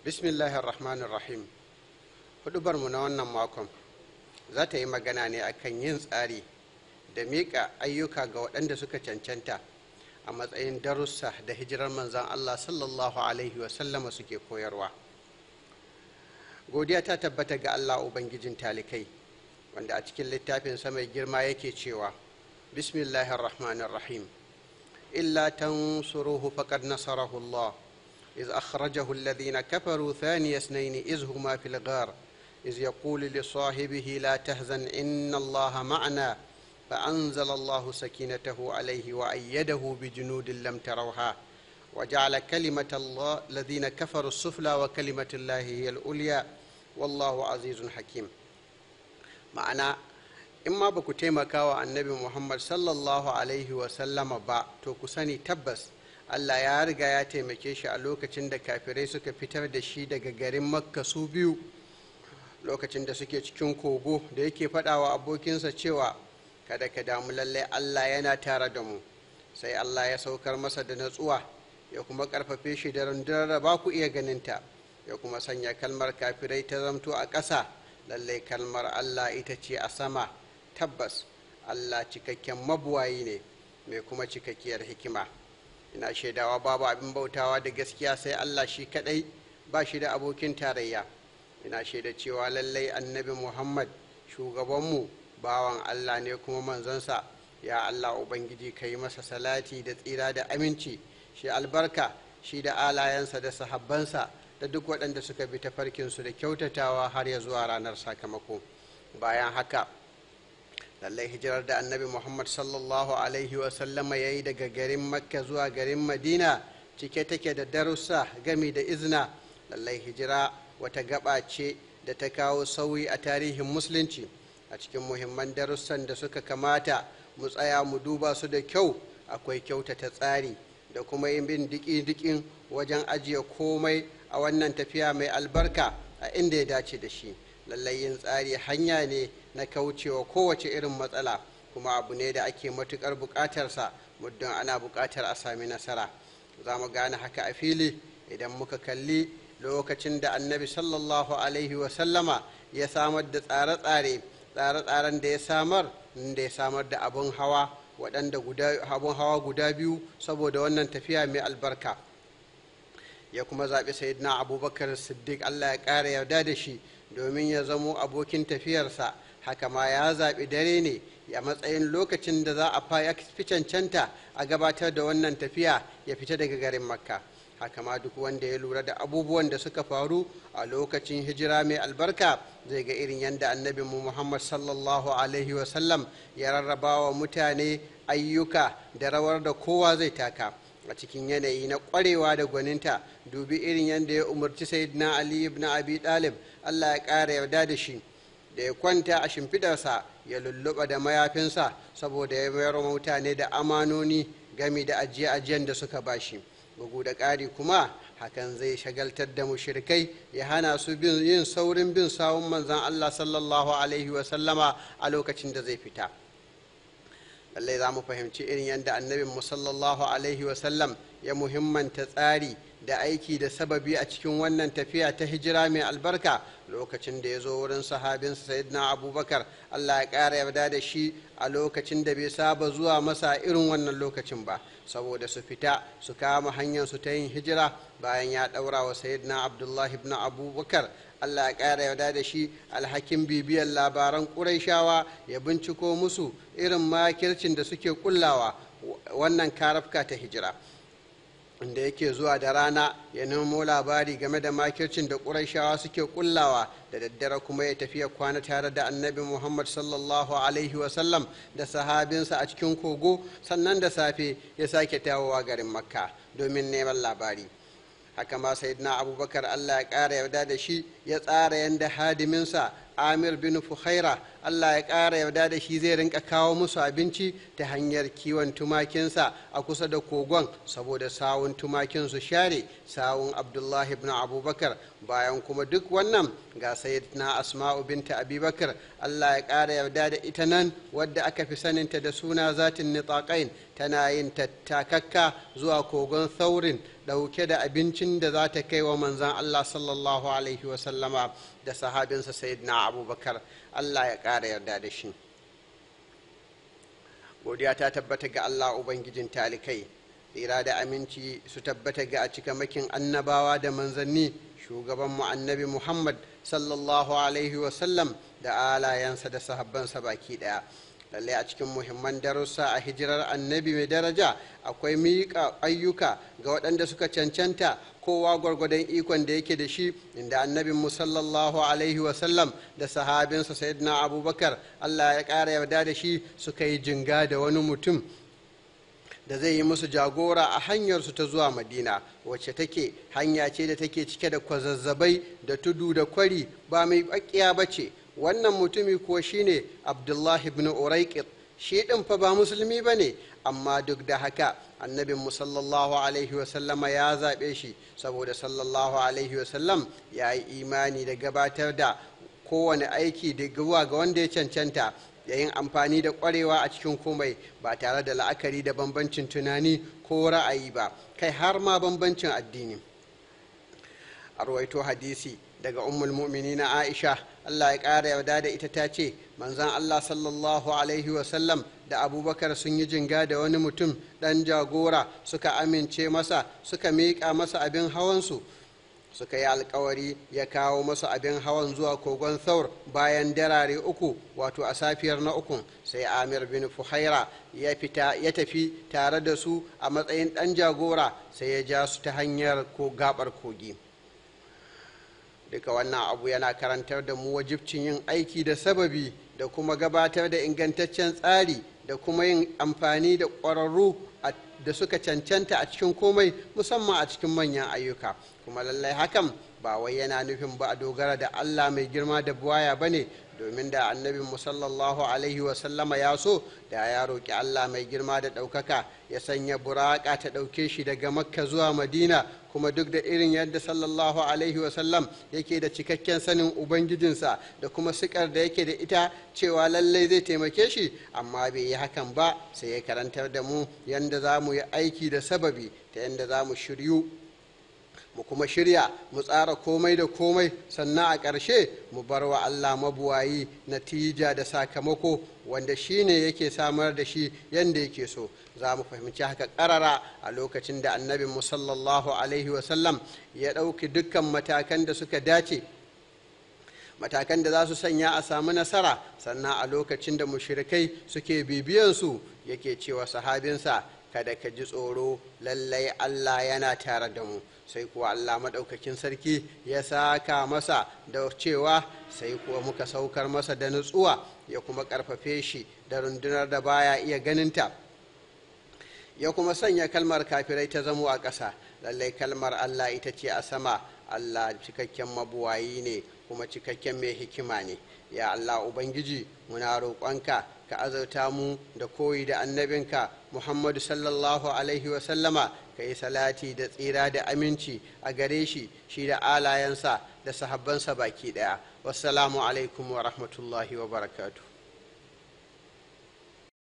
bismillahir rahmanir rahim hudubarmu na wannan makon za ta yi magana ne akan yin tsari da miƙa ayyuka ga waɗanda suka cancanta a matsayin darussa da hijirar manzan allah sallallahu alaihi wasallama suke koyarwa godiya ta tabbata ga allah ubangijin talikai wanda a cikin littafin mai girma yake cewa bismillahir rahmanir rahim illa tansuruhu faqad nasarahu allah إذ أخرجه الذين كفروا ثاني اثنين إذ هما في الغار إذ يقول لصاحبه لا تهزن إن الله معنا فأنزل الله سكينته عليه وأيده بجنود لم تروها وجعل كلمة الله الذين كفروا السفلى وكلمة الله هي العليا والله عزيز حكيم معنى إما بكتيمة كاوى النبي محمد صلى الله عليه وسلم با توكساني تبس allah ya riga ya taimake shi a lokacin da kafirai suka fitar da shi daga garin makka su biyu lokacin da suke cikin kogo da yake faɗawa abokinsa cewa kada ka damu lallai allah yana tare da mu sai allah ya saukar masa da natsuwa ya kuma ƙarfafe shi da rundunar da ba ku iya ganinta ya kuma sanya kalmar kafirai ta zamto a ƙasa lallai kalmar allah ita ce a sama tabbas allah cikakken mabuwayi ne mai kuma cikakkiyar hikima ina shaidawa babu abin bautawa da gaskiya sai Allah shi kadai ba shi da abokin tarayya ina shaida cewa lallai annabi Muhammad shugabanmu bawan Allah ne kuma manzonsa ya Allah ubangiji ka yi masa salati da tsira da aminci shi albarka shi da alayensa da sahabbansa da duk waɗanda suka bi tafarkinsu da kyautatawa har ya zuwa ranar sakamako bayan haka lallai hijirar da annabi muhammad sallallahu alaihi wasallama ya yi daga garin makka zuwa garin madina cike take da darussa gami da izina lallai hijira wata gaba ce da ta kawo sauyi a tarihin musulunci a cikin muhimman darussan da suka kamata mu tsaya mu duba su da kyau akwai kyautata tsari da kuma yin bin dikin wajen ajiye komai a wannan tafiya mai albarka a inda ya dace da shi lallai yin tsari hanya ne na kaucewa kowace irin matsala kuma abu ne da ake matukar bukatarsa muddin ana bukatar a sami nasara za mu gane haka a fili idan muka kalli lokacin da annabi sallallahu alaihi wasallama ya samar da tsare-tsare tsare-tsaren da ya samar da ya samar da abun hawa waɗanda abun hawa guda biyu saboda wannan tafiya mai albarka ya kuma zaɓi sayidina abubakar siddiq allah ya ƙara yarda da shi domin ya zamo abokin tafiyarsa haka ma ya zaɓi dare ne a matsayin lokacin da za a fi cancanta a gabatar da wannan tafiya ya fita daga garin makka haka ma duk wanda ya lura da abubuwan da suka faru a lokacin hijira mai albarka zai ga irin yadda annabi muhammad sallallahu alaihi wasallam ya rarraba wa mutane ayyuka da rawar da kowa zai taka a cikin yanayi na kwarewa da gwaninta dubi irin yadda ya umarci sayyidina ali ibn abi dalib allah ya ƙara yarda da shi da ya kwanta a shimfidarsa ya lulluɓa da mayafinsa saboda ya mayar mutane da amanoni gami da ajiye-ajiyen da suka bashi bugu da ƙari kuma hakan zai shagaltar da mushirikai ya hana su yin saurin bin sawun manzan allah sallallahu alaihi wasallama a lokacin da zai fita lallai za mu fahimci irin yadda annabin mu sallallahu alaihi wasallam ya muhimmanta tsari da aiki da sababi a cikin wannan tafiya ta hijira mai albarka lokacin da ya zo wurin sahabinsa sayidina abubakar allah ya ƙara yarda da shi a lokacin da bai saba zuwa masa irin wannan lokacin ba saboda su fita su kama hanyar su ta yin hijira bayan ya ɗaura wa sayidina abdullahi ibn abubakar allah ya ƙara yarda da shi alhakin bibiyar labaran ƙuraishawa ya binciko musu irin makircin da suke kullawa wannan karafka ta hijira wanda yake zuwa da rana ya nemo labari game da makircin da ƙurashawa suke kullawa da daddare kuma ya tafiya kwana tare da annabi muhammad sallallahu alaihi wasallam da sahabinsa a cikin kogo sannan da safe ya sake tawowa garin makka domin neman labari haka ma sayyidina abubakar allah ya ƙara yarda da shi ya tsara yadda hadiminsa amir bin fuhaira allah ya ƙara yarda da shi zai rinka kawo musu abinci ta hanyar kiwon tumakinsa a kusa da kogon saboda sawun tumakin su share sawun abdullahi ibn abubakar bayan kuma duk wannan ga na asma'u binta abubakar allah ya ƙara yarda da ita nan wadda aka fi saninta da suna zatin nitaƙain tana yin tattakakka zuwa kogon saurin dauke da abincin da za ta kai wa manzan allah sallallahu alaihi wasallama da sahabinsa na abubakar allah ya ƙara yarda da shi godiya ta tabbata ga allah ubangijin talikai tsira da aminci su tabbata ga a cika makin annabawa da manzanni shugaban mu annabi muhammad sallallahu alaihi wasallam da alayensa da sahabbansa baki ɗaya lallai a cikin muhimman darussa a hijirar annabi mai daraja akwai miƙa ayyuka ga waɗanda suka cancanta kowa gwargwadon ikon da yake da shi inda annabin mu sallallahu alaihi wasallam da sahabinsa sayyidina abubakar allah ya ƙara yarda da shi suka yi jinga da wani mutum da zai yi musu jagora a hanyarsu ta zuwa madina wacce take hanya ce da take cike da kwazazzabai da tudu da kwari ba mai bakiya ba ce wannan mutumi kuwa shine abdullahi ibn uraikir shi ɗin fa ba musulmi ba ne amma duk da haka annabin sallallahu alaihi wasallama ya zaɓe shi saboda sallallahu alaihi wasallam ya yi imani da gabatar da kowane aiki da ga wanda ya cancanta yayin amfani da ƙwarewa a cikin komai ba tare da la'akari da bambancin tunani ko ra'ayi ba kai har ma bambancin addini a ruwaito hadisi daga ummul mu'minina aisha allah ya ƙara yarda da ita ta ce manzan allah sallallahu alaihi wasallam da abubakar sun yi jinga da wani mutum ɗan jagora suka amince masa suka miƙa masa abin hawansu suka yi alkawari ya kawo masa abin hawan zuwa kogon thaur bayan darare uku wato a safiyar na uku sai amir bin fuhaira ya fita ya tafi tare da su a matsayin ɗan jagora sai ya ja su ta hanyar ko gabar kogi duka wannan abu yana karantar da mu wajibcin yin aiki da sababi da kuma gabatar da ingantaccen tsari da kuma yin amfani da ƙwararru da suka cancanta a cikin komai musamman a cikin manyan ayyuka kuma lallai hakan ba wai yana nufin ba a dogara da allah mai girma da buwaya ba ne domin da annabin musallallahu alaihi wasallama ya so da ya roƙi allah mai girma da ɗaukaka ya sanya buraƙa ta ɗauke shi daga makka zuwa madina kuma duk da irin yadda sallallahu alaihi wasallam yake da cikakken sanin ubangijinsa da kuma sikar da yake da ita cewa lallai zai taimake shi amma bai yi hakan ba sai ya karantar da mu yadda za mu yi aiki da sababi ta yadda za mu shiryu mu kuma shirya mu tsara komai da komai sannan a ƙarshe mu bar wa allah mabuwayi natija da sakamako wanda shi ne yake samar da shi yadda yake so za mu fahimci haka ƙarara a lokacin da annabin musallallahu alaihi wasallam ya ɗauki dukkan matakan da suka dace matakan da za su sanya a samu nasara sannan a lokacin da mushirikai suke bibiyansu yake cewa sahabinsa kada ka ji tsoro lallai Allah yana tare da mu sai kuwa Allah maɗaukakin sarki ya saka masa da cewa sai kuwa muka saukar masa da nutsuwa ya kuma ƙarfafe shi da rundunar da baya iya ganinta ya kuma sanya kalmar kafirai ta zamo a ƙasa lallai kalmar Allah ita ce a sama Allah cikakken mabuwayi ne kuma cikakken mai hikima ne ya Allah ubangiji muna roƙonka ka azauta mu da koyi da annabinka muhammadu sallallahu alaihi wasallama ka yi salati da tsira da aminci a gare shi shi da alayensa da sahabbansa baki daya wasu alaikum wa rahmatullahi wa barakatu